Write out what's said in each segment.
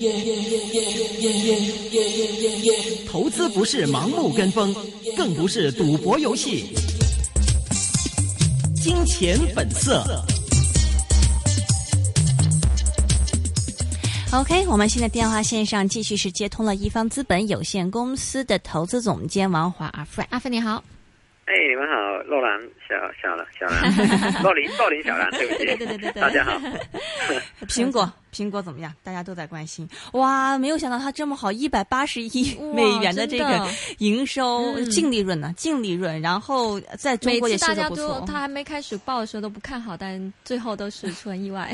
Yeah, yeah, yeah, yeah, yeah, yeah, yeah 投資不是盲目跟風，更不是賭博遊戲。金錢本色。OK，我們現在電話線上繼續是接通了易方資本有限公司的投資總監王華 tym Amen Fred。Fred 你好。哎、hey，你們好，洛蘭，小小蘭，小蘭， 洛林，洛林，小蘭，對不起， 對對對對，對， 大家好。蘋 果，蘋果怎麼樣？大家都在關心。哇，沒有想到他這麼好，一百八十億美元的這個營收，嗯，淨利潤呢，啊？淨利潤，然後在中國業績大家都，他還沒開始報的時候都不看好，但最後都是出人意外。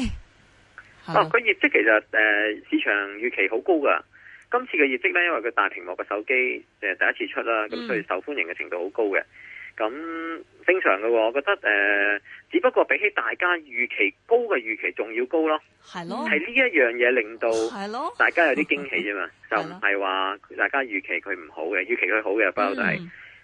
哦， 個，啊，業績其實呃市場預期好高㗎。今次嘅業績咧，因為佢大屏幕嘅手機，誒，第一次出啦，咁，嗯，所以受歡迎嘅程度好高嘅。咁正常嘅、哦，我覺得誒、呃，只不過比起大家預期高嘅預期仲要高咯，係咯，係呢一樣嘢令到，係咯，大家有啲驚喜啫嘛， 就唔係話大家預期佢唔好嘅，預期佢好嘅，不就係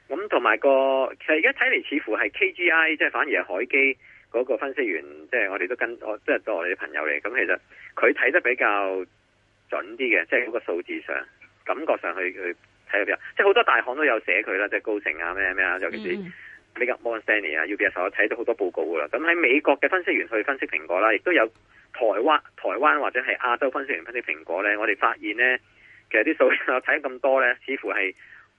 咁？同埋個其實而家睇嚟似乎係 KGI，即係反而係海基嗰個分析員，即、就、係、是、我哋都跟，即係做我哋嘅、就是、朋友嚟。咁其實佢睇得比較準啲嘅，即係嗰個數字上，感覺上去佢。睇，即係好多大行都有寫佢啦，即係高盛啊，咩咩啊，尤其是摩根士丹利啊，UBS，嗯、我睇到好多報告噶啦。咁喺美國嘅分析員去分析蘋果啦，亦都有台灣、台灣或者係亞洲分析員分析蘋果咧。我哋發現咧，其實啲數我睇咁多咧，似乎係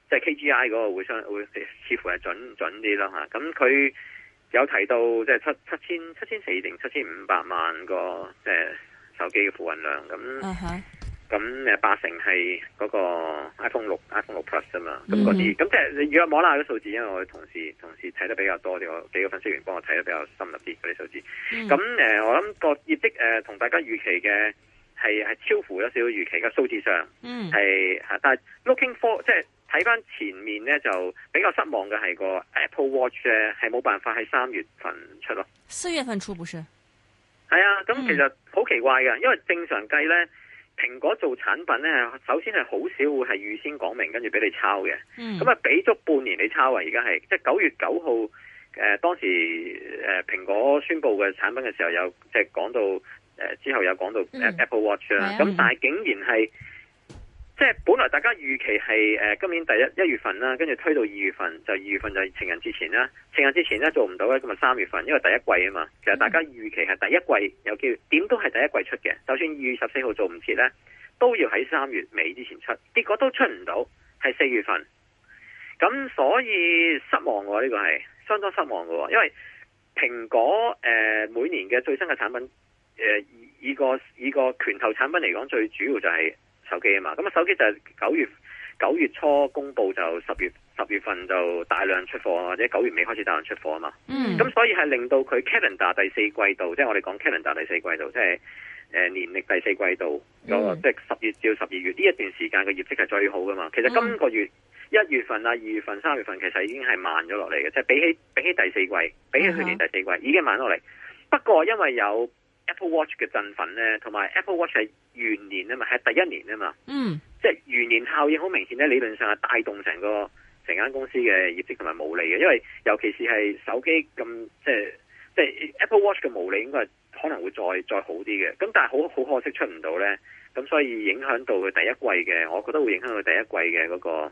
即係 KGI 嗰個會相會，似乎係準準啲啦吓。咁佢有提到即係七七千七千四定七千五百萬個即係、就是、手機嘅付運量咁。咁誒，八成係嗰個 iPhone 六、iPhone 六 Plus 啊嘛，咁嗰啲，咁即係你如果摸下啲數字，因為我嘅同事同事睇得比較多啲，我幾個分析員幫我睇得比較深入啲嗰啲數字。咁、嗯、誒，我諗個業績誒、呃，同大家預期嘅係係超乎咗少少預期嘅數字上，係、嗯、但係 Looking for 即係睇翻前面咧，就比較失望嘅係個 Apple Watch 咧，係冇辦法喺三月份出咯。四月份出，不是？係啊，咁其實好奇怪㗎、嗯，因為正常計咧。蘋果做產品咧，首先係好少會係預先講明，跟住俾你抄嘅。咁、嗯、啊，俾足半年你抄啊！而家係即係九月九號，誒、呃，當時誒蘋果宣佈嘅產品嘅時候，又即係講到誒、呃，之後又講到 Apple Watch 啦。咁、嗯、但係竟然係。即係本來大家預期係誒今年第一一月份啦，跟住推到二月份，就二月份就情人節前啦。情人節前咧做唔到咧，咁啊三月份，因為第一季啊嘛。其實大家預期係第一季有機會點都係第一季出嘅，就算二月十四號做唔切咧，都要喺三月尾之前出。結果都出唔到，係四月份。咁所以失望嘅呢個係相當失望嘅，因為蘋果誒、呃、每年嘅最新嘅產品誒、呃、以一個以一個拳頭產品嚟講，最主要就係、是。手機啊嘛，咁啊手機就係九月九月初公布就，就十月十月份就大量出貨或者九月尾開始大量出貨啊嘛。嗯，咁所以係令到佢 calendar 第四季度，即係我哋講 calendar 第四季度，即係誒年曆第四季度即係十月至十二月呢一段時間嘅業績係最好噶嘛。其實今個月一月份啊、二月份、mm. 三月份其實已經係慢咗落嚟嘅，即係比起比起第四季，比起去年第四季已經慢落嚟。不過因為有。Apple Watch 嘅振奮咧，同埋 Apple Watch 係元年啊嘛，係第一年啊嘛，嗯，即係元年效應好明顯咧，理論上係帶動成個成間公司嘅業績同埋毛利嘅，因為尤其是係手機咁，即係即係 Apple Watch 嘅毛利應該係可能會再再好啲嘅，咁但係好好可惜出唔到咧，咁所以影響到佢第一季嘅，我覺得會影響佢第一季嘅嗰個、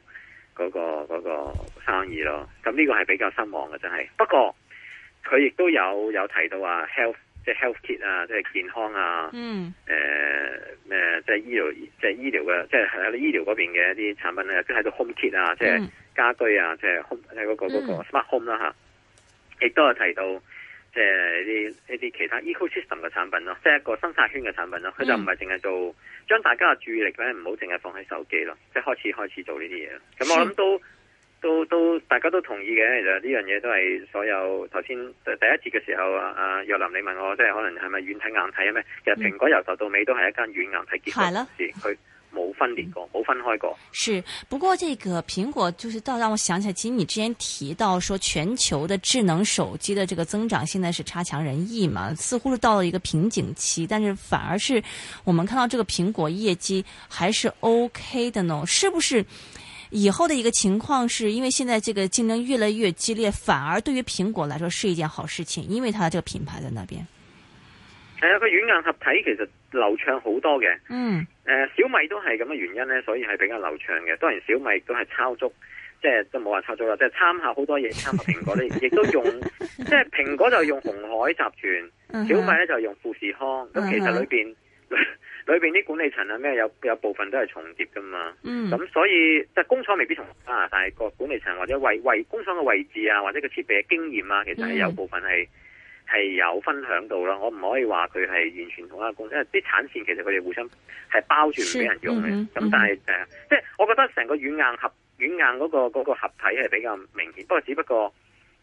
嗰個、嗰個生意咯，咁呢個係比較失望嘅真係。不過佢亦都有有提到話、啊、Health。即係 health kit 啊，即係健康啊，嗯，誒，誒，即係醫療，即係醫療嘅，即係喺醫療嗰邊嘅一啲產品咧，都喺度 home kit 啊，即係家居啊，即係 home，即係嗰個個 smart home 啦吓，亦都有提到即係啲一啲其他 ecosystem 嘅產品咯，即係一個生態圈嘅產品咯，佢、mm. 就唔係淨係做，將大家嘅注意力咧唔好淨係放喺手機咯，即係開始開始做呢啲嘢，咁我諗都。都都大家都同意嘅，其實呢樣嘢都係所有頭先第一節嘅時候啊啊，若琳你問我即係可能係咪軟體硬體啊咩？其實蘋果由頭到尾都係一間軟硬體結合嘅事，佢冇分裂過，冇、嗯、分開過。是不過，這個蘋果就是到讓我想起來，其實你之前提到說，全球的智能手機的這個增長現在是差強人意嘛，似乎是到了一個瓶頸期，但是反而是我們看到這個蘋果業績還是 OK 的呢，是不是？以後的一個情況，是因為現在這個競爭越來越激烈，反而對於蘋果來說是一件好事情，因為它的這個品牌在那邊。係啊，個軟硬合體其實流暢好多嘅。嗯。誒、嗯，小米都係咁嘅原因咧，所以係比較流暢嘅。當然小米都係抄足，即係都冇話抄足啦，即係參考好多嘢，參考蘋果咧，亦都用，即係蘋果就用鴻海集團，小米咧就用富士康，咁其實裏邊。裏邊啲管理層啊咩有有部分都係重疊噶嘛，咁、嗯、所以即係、就是、工廠未必同重、啊，但係個管理層或者位位工廠嘅位置啊，或者個設備嘅經驗啊，其實係有部分係係、嗯、有分享到啦。我唔可以話佢係完全同一間公司，因為啲產線其實佢哋互相係包住唔俾人用嘅。咁、嗯嗯、但係誒，即、嗯、係、就是、我覺得成個軟硬合軟硬嗰、嗰個、嗰個合體係比較明顯。不過只不過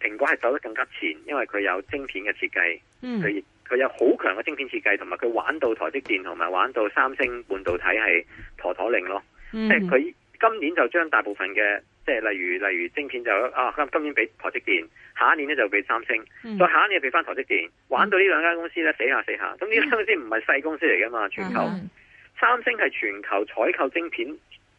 蘋果係走得更加前，因為佢有晶片嘅設計，所以。佢有好強嘅晶片設計，同埋佢玩到台積電，同埋玩到三星半導體係妥妥令咯，即係佢今年就將大部分嘅，即係例如例如晶片就啊今今年俾台積電，下一年咧就俾三星、嗯，再下一年又俾翻台積電，玩到呢兩間公司咧、嗯、死下死下，咁呢間公司唔係細公司嚟噶嘛，全球三星係全球採購晶片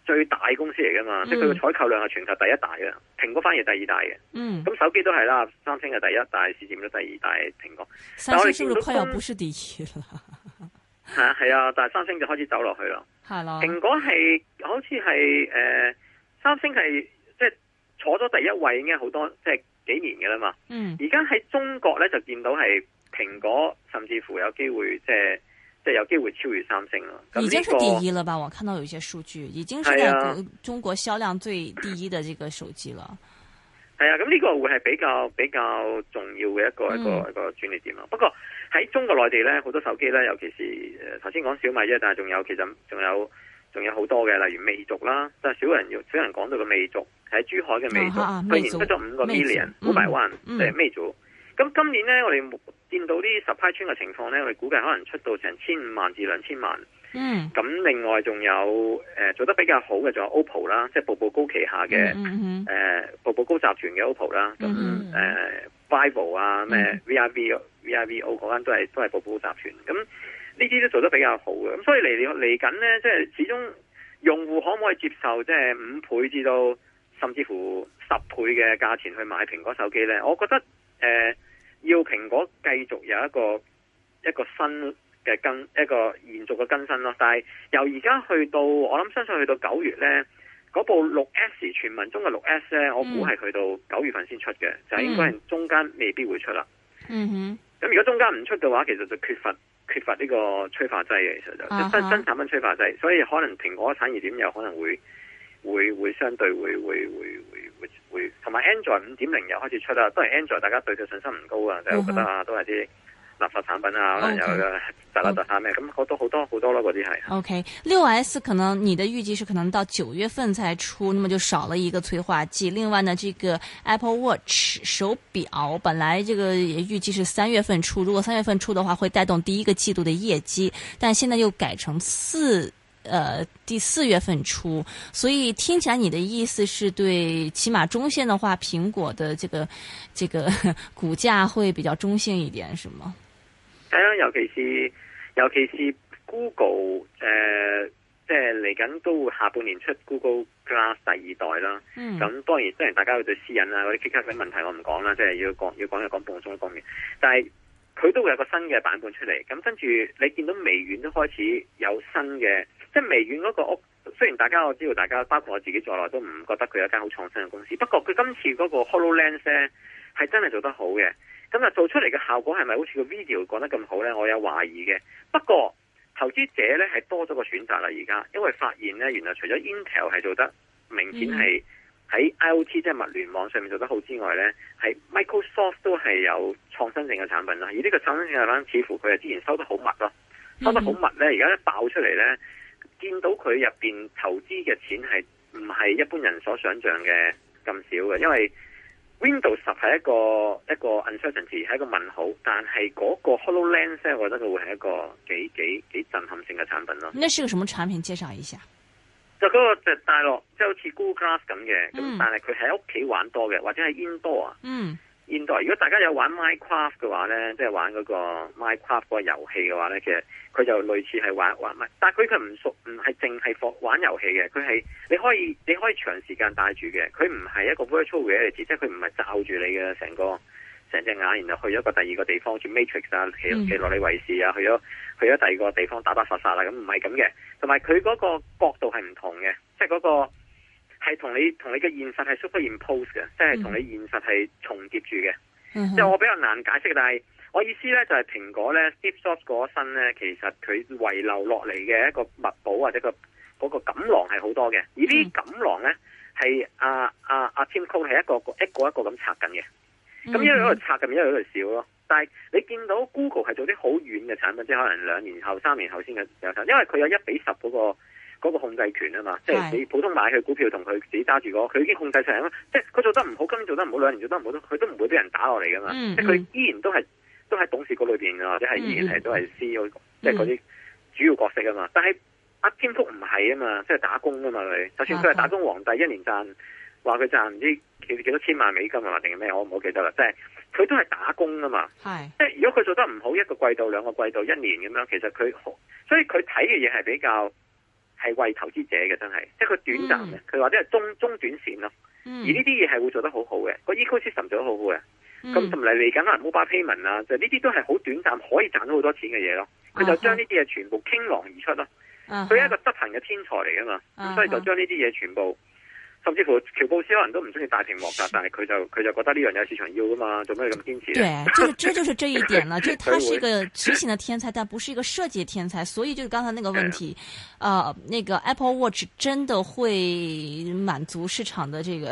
最大公司嚟噶嘛，即係佢嘅採購量係全球第一大嘅，嗯、蘋果反而第二大嘅。嗯，咁手機都係啦，三星係第一大，市佔咗第二大蘋果。三星是不是快要不是第一了？啊，係啊，但係三星就開始走落去啦。係 咯，蘋果係好似係誒，三星係即係坐咗第一位已經好多即係幾年嘅啦嘛。嗯，而家喺中國咧就見到係蘋果甚至乎有機會即係。即係有機會超越三星咯，這個。已經是第一了吧？我看到有些數據，已經係中國銷量最第一的這個手機了。係啊，咁、嗯、呢、嗯這個會係比較比較重要嘅一個一個一個專利點咯。不過喺中國內地咧，好多手機咧，尤其是誒頭先講小米啫，但係仲有其實仲有仲有好多嘅，例如魅族啦。但係少人少人講到嘅魅族，喺珠海嘅魅族，去年得咗五個 million，五百萬，即係魅族。咁、嗯嗯就是嗯、今年咧，我哋冇。見到啲 supply chain 嘅情況咧，我哋估計可能出到成千五萬至兩千萬。嗯。咁另外仲有誒、呃、做得比較好嘅仲有 OPPO 啦，即係步步高旗下嘅誒、嗯嗯呃、步步高集團嘅 OPPO 啦。咁、嗯、誒、嗯呃、VIVO 啊咩、嗯、VIVO VIVO 嗰間都係都係步步高集團。咁呢啲都做得比較好嘅。咁所以嚟嚟緊咧，即係始終用戶可唔可以接受即係五倍至到甚至乎十倍嘅價錢去買蘋果手機咧？我覺得誒。呃要蘋果繼續有一個一個新嘅更一個延續嘅更新咯，但係由而家去到我諗相信去到九月咧，嗰部六 S 傳聞中嘅六 S 咧，我估係去到九月份先出嘅，嗯，就係應該係中間未必會出啦。嗯哼，咁如果中間唔出嘅話，其實就缺乏缺乏呢個催化劑嘅，其實就，就新新產品催化劑，所以可能蘋果產業點又可能會。會會相對會會會會會同埋 Android 五點零又開始出啦，當然 Android 大家對佢信心唔高啊，但係我、uh-huh. 覺得啊都係啲垃圾產品啊，okay. 可能有嘅特立特下咩咁好多好多好多咯嗰啲係。O K 六 S 可能你的預計是可能到九月份才出，那麼就少了一個催化劑。另外呢，這個 Apple Watch 手表我本來這個預計是三月份出，如果三月份出的話會帶動第一個季度的業績，但現在又改成四。呃，第四月份出，所以聽起來你的意思是對，起碼中線的話，蘋果的這個，這個股價會比較中性一點，是嗎？係啊，尤其是尤其是 Google 誒、呃，即係嚟緊都會下半年出 Google Glass 第二代啦。嗯。咁當然，雖然大家會對私隱啊嗰啲其他嘅問題我唔講啦，即係要講要講就講放鬆方面，但係。佢都會有個新嘅版本出嚟，咁跟住你見到微軟都開始有新嘅，即係微軟嗰個屋，雖然大家我知道大家包括我自己在內都唔覺得佢有間好創新嘅公司，不過佢今次嗰個 HoloLens 咧係真係做得好嘅，咁啊做出嚟嘅效果係咪好似個 video 講得咁好咧？我有懷疑嘅，不過投資者咧係多咗個選擇啦而家，因為發現咧原來除咗 Intel 係做得明顯係，喺 IOT 即係物聯網上面做得好之外咧，喺 Microsoft 都係有創新性嘅產品啦。而呢個創新性產品似乎佢係之前收得好密咯，收得好密咧，而家一爆出嚟咧，見到佢入邊投資嘅錢係唔係一般人所想象嘅咁少嘅。因為 Windows 十係一個一個 uncertainty，係一個問號。但係嗰個 HoloLens 咧，我覺得佢會係一個幾幾幾震撼性嘅產品咯。那是個什麼產品？介紹一下。就嗰個大陸就大落，即係好似 Google Glass 咁嘅，咁、嗯、但係佢喺屋企玩多嘅，或者係 Indoor 啊、嗯、，Indoor。如果大家有玩 Minecraft 嘅話咧，即、就、係、是、玩嗰個 Minecraft 個遊戲嘅話咧，其實佢就類似係玩玩乜，但係佢佢唔熟，唔係淨係放玩遊戲嘅，佢係你可以你可以長時間戴住嘅，佢唔係一個 virtual reality，即係佢唔係罩住你嘅成個。成隻眼，然後去咗個第二個地方，做 Matrix 啊，奇奇洛李維斯啊，去咗去咗第二個地方打打殺殺啦。咁唔係咁嘅，同埋佢嗰個角度係唔同嘅，即係嗰個係同你同你嘅現實係 superimpose 嘅，即係同你現實係重疊住嘅。即係我比較難解釋，但係我意思咧就係蘋果咧 ，Steve Jobs 嗰身咧，其實佢遺留落嚟嘅一個密寶或者個嗰個錦囊係好多嘅。而啲錦囊咧係阿阿阿 Tim Cook 係一個個一個一個咁拆緊嘅。咁一路喺度拆，咁一路喺度笑咯。但係你見到 Google 係做啲好遠嘅產品，即係可能兩年後、三年後先嘅有產，因為佢有一比十嗰、嗰個嗰個控制權啊嘛。即係你普通買佢股票同佢自己揸住嗰，佢已經控制曬啦。即係佢做得唔好，今年做得唔好，兩年做得唔好，佢都唔會俾人打落嚟噶嘛。嗯、即係佢依然都係都喺董事局裏邊啊，或者係依然係都係 C 嗰，即係嗰啲主要角色啊嘛。但係阿天福唔係啊嘛，即、就、係、係、打工啊嘛佢，就算佢係打工皇帝，一年賺。話佢賺唔知幾幾多千萬美金啊？定係咩？我唔好記得啦。即係佢都係打工啊嘛。係即係如果佢做得唔好，一個季度、兩個季度、一年咁樣，其實佢好。所以佢睇嘅嘢係比較係為投資者嘅，真係即係佢短暫嘅。佢或者係中中短綫咯。嗯。而呢啲嘢係會做得好好嘅，個 ecosystem 做得好好嘅。咁同埋嚟緊可能 mobile Payment 啊，就呢、是、啲都係好短暫，可以賺到好多錢嘅嘢咯。佢就將呢啲嘢全部傾囊而出咯。佢、uh-huh、佢係一個執行嘅天才嚟噶嘛，所以就將呢啲嘢全部。甚至乎喬布斯可能都唔中意大屏幕噶，但係佢就佢就覺得呢樣嘢市場要噶嘛，做咩咁堅持？對，就這就，就是這一點啦， 就他是，是一個執行的天才， 但不是一個設計天才，所以就是剛才那個問題，啊、 呃，那個 Apple Watch 真的會滿足市場的這個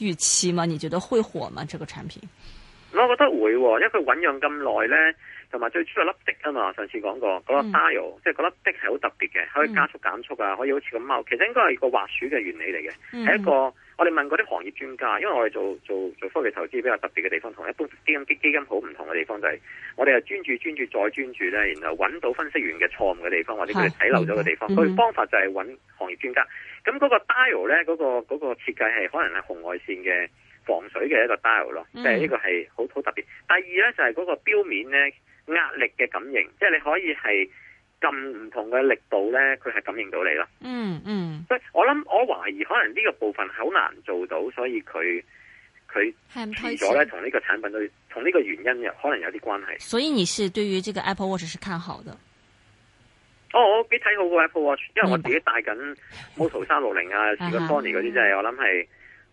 預期嗎？你覺得會火嗎？這個產品？我覺得會、哦，因為佢醞釀咁耐咧。同埋最初粒滴啊嘛，上次講過嗰、那個 dial、嗯、即係嗰粒滴係好特別嘅，可以加速減速啊、嗯，可以好似咁踎，其實應該係個滑鼠嘅原理嚟嘅，係、嗯、一個我哋問嗰啲行業專家，因為我哋做做做科技投資比較特別嘅地方，同一般基金基基金好唔同嘅地方就係、是、我哋係專注專注再專注咧，然後揾到分析員嘅錯誤嘅地方或者佢哋睇漏咗嘅地方，佢方，嗯，那個、方法就係揾行業專家。咁嗰個 dial 呢，咧、那個，嗰個嗰個設計係可能係紅外線嘅防水嘅一個 dial 咯、嗯，即係呢個係好好特別。第二咧就係、是、嗰個錶面咧。壓力嘅感應，即係你可以係咁唔同嘅力度咧，佢係感應到你咯。嗯嗯，所以我諗，我懷疑可能呢個部分好難做到，所以佢佢停咗咧，同呢個產品都同呢個原因有可能有啲關係。所以你是對於這個 Apple Watch 是看好的？哦，我幾睇好個 Apple Watch，因為我自己戴緊 Moto 三六零啊、s m r t o n y 嗰啲，真、啊、係、啊嗯、我諗係。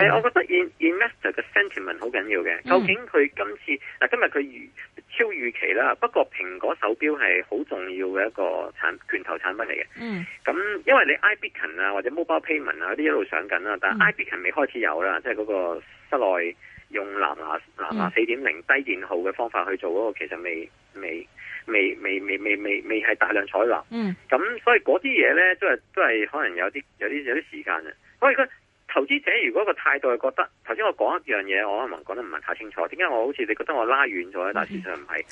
係，我覺得 investor 嘅 sentiment 好緊要嘅。究竟佢今次嗱今日佢超預期啦，不過蘋果手錶係好重要嘅一個產拳，拳頭產品嚟嘅。嗯，咁因為你 iBeacon 啊或者 mobile payment 啊嗰啲一路上緊啦，但係 iBeacon 未開始有啦，即係嗰個室內用藍牙藍牙四點零低電號嘅方法去做嗰，那個，其實未未未未未未未未係大量採納。嗯，咁所以嗰啲嘢咧都係都係可能有啲有啲有啲時間啊。所以佢。投資者如果個態度係覺得，頭先我講一樣嘢，我可能講得唔係太清楚。點解我好似你覺得我拉遠咗咧？但事實上唔係，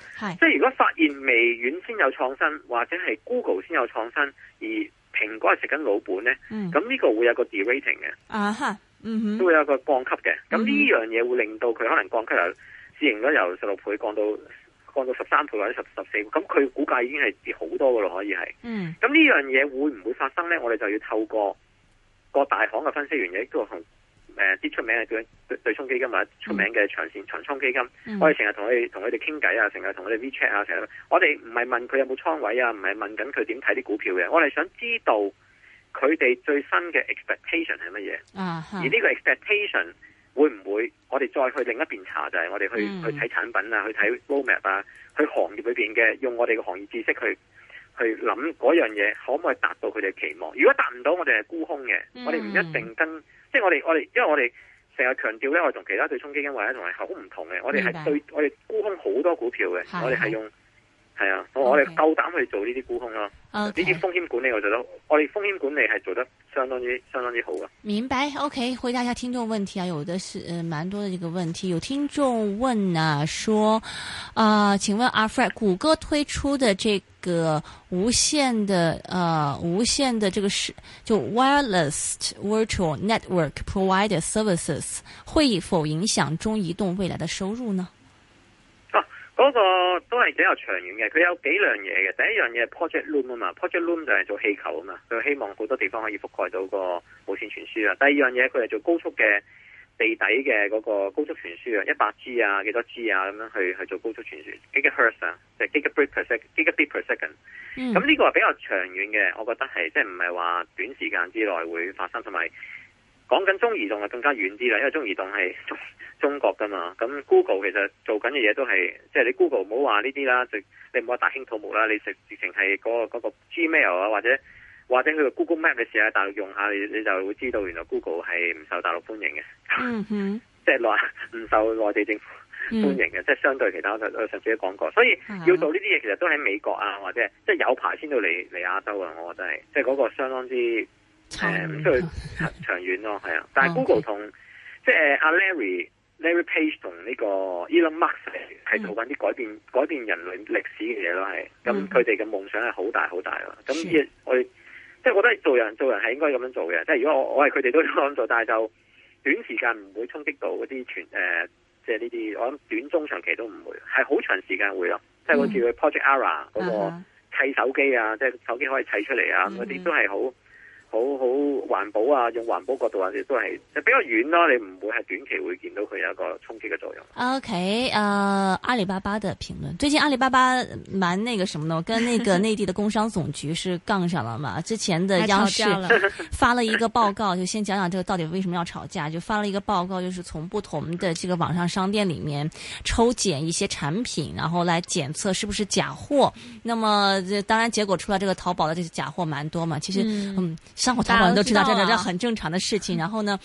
即係如果發現微軟先有創新，或者係 Google 先有創新，而蘋果係食緊老本咧，咁、嗯、呢個會有個 de-rating 嘅啊嚇，嗯都會有個降級嘅。咁呢樣嘢會令到佢可能降級、嗯、由市盈率由十六倍降到降到十三倍或者十十四倍，咁佢股價已經係跌好多噶咯，可以係。嗯。咁呢樣嘢會唔會發生咧？我哋就要透過。各、那個、大行嘅分析員亦都同誒啲出名嘅對對沖基金或者出名嘅長線長倉基金，嗯、我哋成日同佢同佢哋傾偈啊，成日同佢哋 WeChat 啊，成日，我哋唔係問佢有冇倉位啊，唔係問緊佢點睇啲股票嘅、啊，我哋想知道佢哋最新嘅 expectation 係乜嘢，uh-huh. 而呢個 expectation 會唔會我哋再去另一邊查，就係、是、我哋去、嗯、去睇產品啊，去睇 roadmap 啊，去行業裏邊嘅用我哋嘅行業知識去。去諗嗰樣嘢，可唔可以達到佢哋期望？如果達唔到，我哋係沽空嘅、嗯，我哋唔一定跟。即係我哋我哋，因為我哋成日強調咧，我哋同其他對沖基金或者同埋好唔同嘅。我哋係對，我哋沽空好多股票嘅，我哋係用。係啊，okay. 我哋夠膽去做呢啲沽空咯、啊。呢、okay. 啲風險管理我覺得，我哋風險管理係做得相當之、相當之好啊。明白，OK，回答一下聽眾問題啊，有的是、呃、蠻多嘅呢個問題。有聽眾問啊，說，啊、呃，請問阿 Fred，谷歌推出嘅這個無線的，呃，無線的這個是就 Wireless Virtual Network Provider Services 會否影響中移動未來的收入呢？嗰、那個都係比較長遠嘅，佢有幾樣嘢嘅。第一樣嘢係 Project Loom 啊嘛，Project Loom 就係做氣球啊嘛，佢希望好多地方可以覆蓋到個無線傳輸啊。第二樣嘢佢係做高速嘅地底嘅嗰個高速傳輸啊，一百 G 啊，幾多 G 啊咁樣去去做高速傳輸，gigahertz 啊，就 gigabit per second，gigabit per second。咁呢個係比較長遠嘅，我覺得係即係唔係話短時間之內會發生，同埋，講緊中移動就更加遠啲啦，因為中移動係中國噶嘛。咁 Google 其實做緊嘅嘢都係，即係你 Google 唔好話呢啲啦，你唔好話大興土木啦，你直情係嗰個、嗰個 Gmail 啊，或者或者佢個 Google Map 嘅時候，大陸用下，你你就會知道原來 Google 係唔受大陸歡迎嘅，即係唔受內地政府歡迎嘅，即、mm-hmm. 係相對其他我上次都講過，所以要做呢啲嘢其實都喺美國啊，或者即係有排先到嚟嚟亞洲啊，我覺得係即係嗰個相當之。誒，即係長遠咯，係、嗯、啊、嗯！但係 Google 同即係阿 Larry Larry Page 同呢個 Elon Musk 係、嗯、做緊啲改變改變人類歷史嘅嘢咯，係咁佢哋嘅夢想係好大好大喇。咁、嗯、我我即係我覺得做人做人係應該咁樣做嘅。即、就、係、是、如果我我係佢哋都咁做，但係就短時間唔會衝擊到嗰啲全誒，即係呢啲我諗短中長期都唔會，係好長時間會咯。即係好似 Project Ara 嗰、那個、嗯、砌手機啊，即、嗯、係、就是、手機可以砌出嚟啊，嗰、嗯、啲都係好。好好環保啊！用環保角度，還是都係比較遠咯、啊。你唔會係短期會見到佢有一個衝擊嘅作用。OK，呃阿里巴巴的評論，最近阿里巴巴蠻那個什麼呢？跟那個內地的工商總局是槓上了嘛？ 之前的央視發了一個報告， 就先講講這個到底為什麼要吵架？就發了一個報告，就是從不同的這個網上商店裏面抽檢一些產品，然後來檢測是不是假貨。那麼當然結果出來，這個淘寶的這些假貨蠻多嘛。其實嗯。上伙淘寶都知道,知道、啊這，這這很正常的事情。然後呢？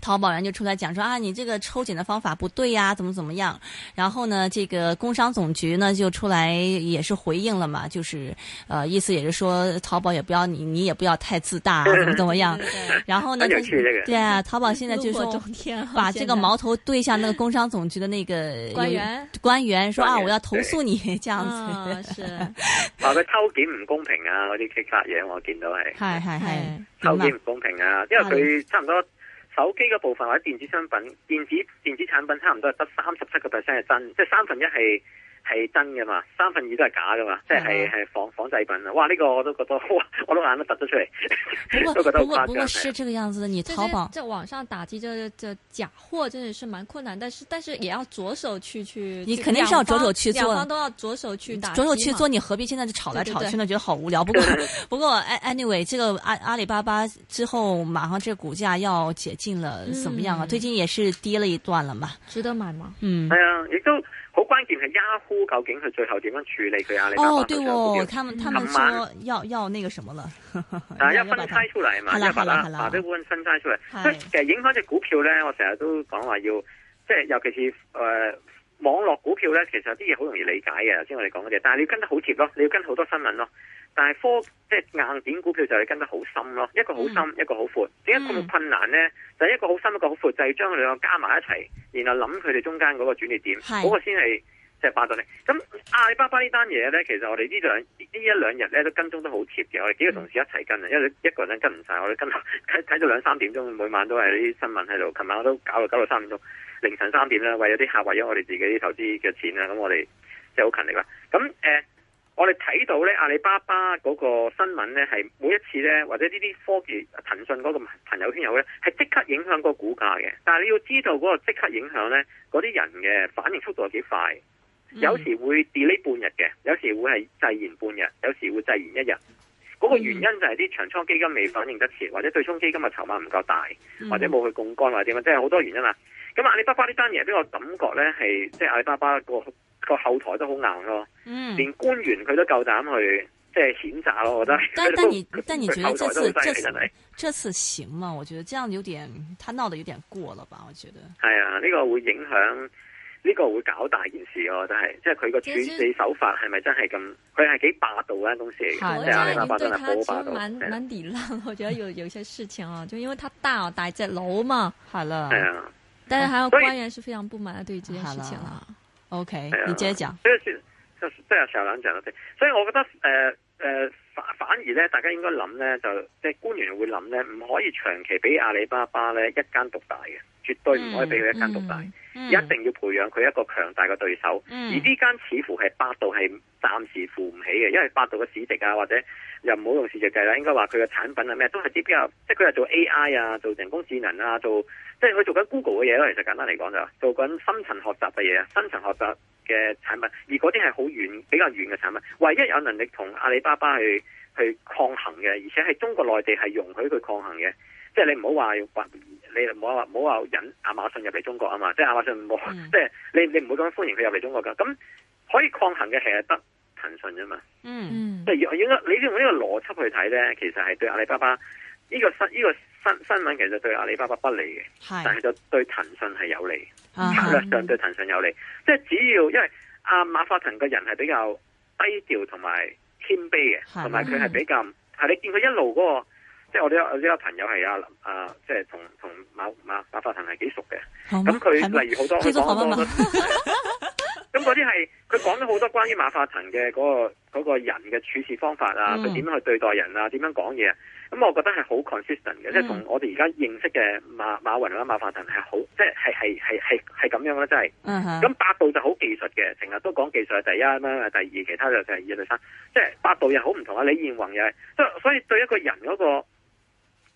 淘寶人就出來講說啊，你這個抽檢的方法不對呀，啊，怎麼怎麼樣？然後呢，這個工商總局呢就出來也是回應了嘛，就是呃，意思也是說淘寶也不要你，你也不要太自大，啊，怎 麼怎麼樣，對對？然後呢，就對啊，淘寶現在就是說 天把這個矛頭對向那個工商總局的那個官員官員，說員啊，我要投訴你這樣子。哦、是，話 佢抽檢唔公平啊，嗰啲其他嘢我見到係，係係係，抽檢唔公平啊， 因為佢差唔多。 手機嘅部分或者電子商品，電子電子產品差唔多係得三十七個 percent 嘅真，即係三分一係。係真嘅嘛？三分二都係假嘅嘛？即係係仿仿製品啊！哇，呢、這個我都覺得，我都眼都突咗出嚟，不過覺得好誇張，不過不過是這個樣子，你淘寶在網上打擊這這假貨，真的是蠻困難。但是但是也要着手去去、這個，你肯定是要着手去做兩，兩方都要着手去打，着手去做。你何必現在就吵來吵去呢？覺得好無聊。不過不過 anyway，這個阿阿里巴巴之後馬上這個股價要解禁了、嗯，怎麼樣啊？最近也是跌了一段了嘛？值得買嗎？嗯，係、哎、啊，亦都。好關鍵係 Yahoo 究竟佢最後點樣處理佢啊？哦，對喎、哦，佢佢佢琴晚要要那個什麼啦，但係一分拆出嚟啊嘛，一忽啦，把啲 分拆出嚟，即 係其實影響隻股票咧，我成日都講話要，即係尤其是誒。呃網絡股票呢，其實有啲嘢好容易理解嘅，頭先我哋講嗰啲，但係你要跟得好貼咯，你要跟好多新聞咯。但係科即係、就是、硬點股票就係跟得好深咯，一個好深，一個好闊。點解咁困難呢？就是、一個好深，一個好闊，就要將佢兩個加埋一齊，然後諗佢哋中間嗰個轉捩點，嗰個先係即係霸咗你。咁阿里巴巴呢單嘢呢，其實我哋呢兩呢一兩日呢都跟蹤得好貼嘅。我哋幾個同事一齊跟嘅，因為一個人都跟唔晒，我哋跟睇睇到兩三點鐘，每晚都係啲新聞喺度。琴晚我都搞到搞到三點鐘。凌晨三點啦，為咗啲客，為咗我哋自己啲投資嘅錢啦，咁我哋即係好勤力啦。咁誒、呃，我哋睇到咧阿里巴巴嗰個新聞咧，係每一次咧，或者呢啲科技騰訊嗰個朋友圈友咧，係即刻影響個股價嘅。但係你要知道嗰個即刻影響咧，嗰啲人嘅反應速度係幾快、嗯，有時會 delay 半日嘅，有時會係滯延半日，有時會滯延一日。嗰、那個原因就係啲長倉基金未反應得切、嗯，或者對沖基金嘅籌碼唔夠大、嗯，或者冇去槓桿或者點樣，即係好多原因啊。咁阿里巴巴呢單嘢，俾我感覺咧係即係阿里巴巴個個後台都好硬咯。嗯，連官員佢都夠膽去即係、就是、譴責咯，我覺得。但但你但你覺得這次這次這次行嘛、啊，我覺得這樣有點他鬧得有點過了吧，我覺得。係啊，呢、這個會影響呢、這個會搞大件事咯、啊，真係，即係佢個處理手法係咪真係咁？佢係幾霸道間公司嚟嘅，即係阿里巴巴真係好霸道，霸道、 嗯。我覺得有有些事情啊，就因為他大，大隻佬嘛，係啦。係、嗯、啊。但是，還有官員是非常不滿啊，對於這件事情啊、嗯、，OK，、嗯、你接着講。所以，所以我覺得誒誒反反而咧，大家應該諗咧，就即係、就是、官員會諗咧，唔可以長期俾阿里巴巴咧一間獨大嘅。絕對唔可以俾佢一間獨大，嗯嗯、一定要培養佢一個強大嘅對手。嗯、而呢間似乎係百度係暫時扶唔起嘅，因為百度嘅市值啊，或者又唔好用市值計啦，應該話佢嘅產品係咩都係啲比較，即係佢係做 AI 啊，做人工智能啊，做即係佢做緊 Google 嘅嘢咯。其實簡單嚟講就係做緊深層學習嘅嘢，深層學習嘅產品。而嗰啲係好遠比較遠嘅產品，唯一有能力同阿里巴巴去去抗衡嘅，而且係中國內地係容許佢抗衡嘅，即係你唔好話你唔好話唔好話引亞馬遜入嚟中國啊嘛？即係亞馬遜唔好、嗯，即係你你唔會咁樣歡迎佢入嚟中國噶。咁可以抗衡嘅係得騰訊啊嘛。嗯，即係用用你用這個邏輯去看呢個邏輯去睇咧，其實係對阿里巴巴呢、這個這個新呢個新新聞其實對阿里巴巴不利嘅，但係就對騰訊係有利，策、啊、略上對騰訊有利。是即係只要因為阿馬化騰個人係比較低調同埋謙卑嘅，同埋佢係比較係你見佢一路嗰、那個。即係我呢，我啲朋友係阿林阿，即係同同馬馬馬化騰係幾熟嘅。咁佢例如好多佢講咁嗰啲係，佢講咗好多關於馬化騰嘅嗰個、嗰個人嘅處事方法啊，佢、嗯、點樣去對待人啊，點樣講嘢。啊。咁我覺得係好 consistent 嘅，嗯，即係同我哋而家認識嘅馬馬雲啦、馬化騰係好，即係係係係係係咁樣咯，即係。咁、嗯、百度就好技術嘅，成日都講技術第一啦，第二，其他就就二、第三。即、就、係、係、百度又好唔同啊，李彥宏又係，所所以對一個人嗰、嗰個。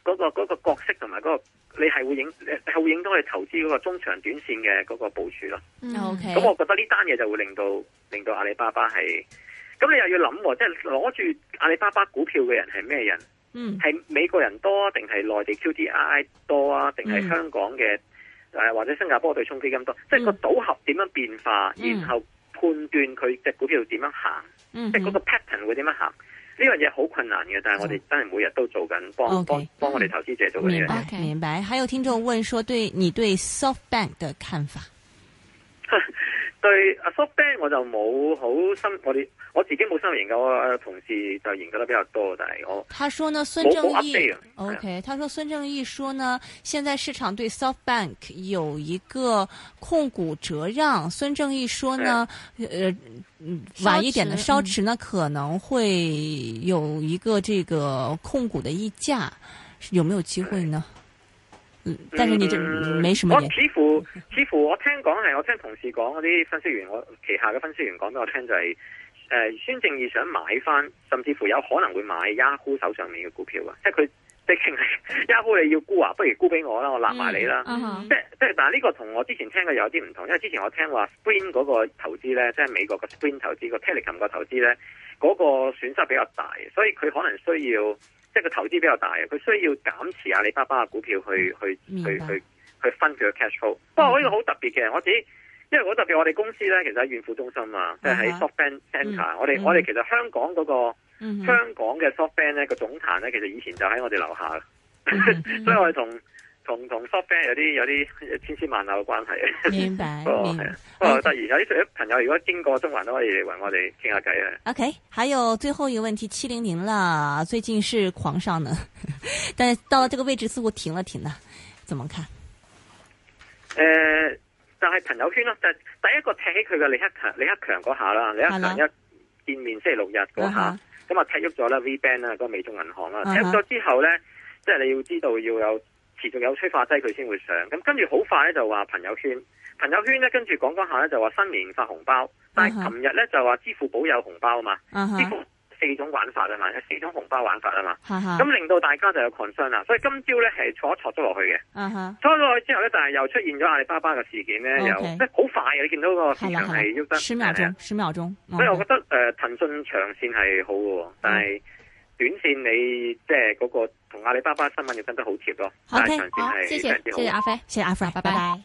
嗰、那個那個角色同埋嗰個，你係會影，係會影到去投資嗰個中長短線嘅嗰個部署咯。咁、okay. 我覺得呢單嘢就會令到令到阿里巴巴係，咁你又要諗、哦，即係攞住阿里巴巴股票嘅人係咩人？嗯，係美國人多定係內地 QDII 多啊？定係香港嘅、嗯、或者新加坡對沖基金多？嗯、即係個組合點樣變化、嗯，然後判斷佢隻股票點樣行，即係嗰個 pattern 會點樣行？呢樣嘢好困難嘅，但係我哋真係每日都做緊幫幫幫我哋投資者做嘅嘢。OK，明白。還有聽眾問說，對你對 SoftBank 的看法？對 soft bank 我就冇好深，我哋我自己冇深入研究啊，我的同事就研究得比較多，但係我冇冇 update 啊，他說呢，孫正義 O、okay, K，、yeah. 他說孫正義說呢，現在市場對 soft bank 有一個控股折讓，孫正義說呢，yeah. 呃、嗯，晚一點的燒持呢、嗯、可能會有一個這個控股的溢價，有沒有機會呢？Yeah. 但是你就沒什麼、嗯，我似乎似乎我聽講係，我聽同事講嗰啲分析員，我旗下嘅分析員講俾我聽就係、是，誒、呃，孫正義想買翻，甚至乎有可能會買 Yahoo 手上面嘅股票啊，即係佢即係，Yahoo 你要沽啊，不如沽俾我啦，我立埋你啦，即係即係，但係呢個同我之前聽嘅有啲唔同，因為之前我聽話 Spring 嗰個投資咧，即係美國嘅 Spring 投資、嗰個 Telecom 個投資、嗰個投資咧，嗰個損失比較大，所以佢可能需要。即係個投資比較大嘅，佢需要減持阿里巴巴嘅股票去去去去去分佢嘅 cash flow。不過我呢個好特別嘅，我只因為好特別，我哋公司咧其實喺軟庫中心啊，即係喺、就是、soft bank centre。我哋、嗯、我哋其實香港嗰、那個、嗯、香港嘅 soft bank 咧個總壇咧，其實以前就喺我哋樓下，嗯、 所以我係同。同同 SoftBank 有啲有啲千絲萬縷嘅關係。明白，不 哦明白，突 然有啲、okay. 朋友如果經過中環都可以嚟揾我哋傾下偈啊。OK，還有最後一個問題，七零零啦，最近是狂上呢，但係到咗這個位置似乎停了停啦，怎麼看？誒、呃，就係、是、朋友圈咯，第第一個踢起佢嘅李克強李克強嗰下啦，李克強一,一見面星期六日嗰下，咁、uh-huh. 啊踢喐咗啦，V band 啦，嗰個美中銀行啦，踢咗之後咧，uh-huh. 即係你要知道要有。仲有催化劑佢先會上，咁跟住好快咧就話朋友圈，朋友圈咧跟住講講下咧就話新年發紅包，但係琴日咧就話支付寶有紅包啊嘛，uh-huh. 支付四種玩法啊嘛，有、uh-huh. 四,四種紅包玩法啊嘛，咁、uh-huh. 嗯、令到大家就有 concern 啦，所以今朝咧係坐一坐咗落去嘅，uh-huh. 坐咗落去之後咧，但係又出現咗阿里巴巴嘅事件咧，okay. 又即係好快嘅，你見到個市場係喐得，十 秒鐘，十秒鐘，okay. 所以我覺得誒騰訊長線係好嘅，但係。Uh-huh. 短線你即係嗰個同阿里巴巴新聞又跟得、okay. 好貼咯。好聽，多謝，多謝阿飛，多謝阿飛，拜拜。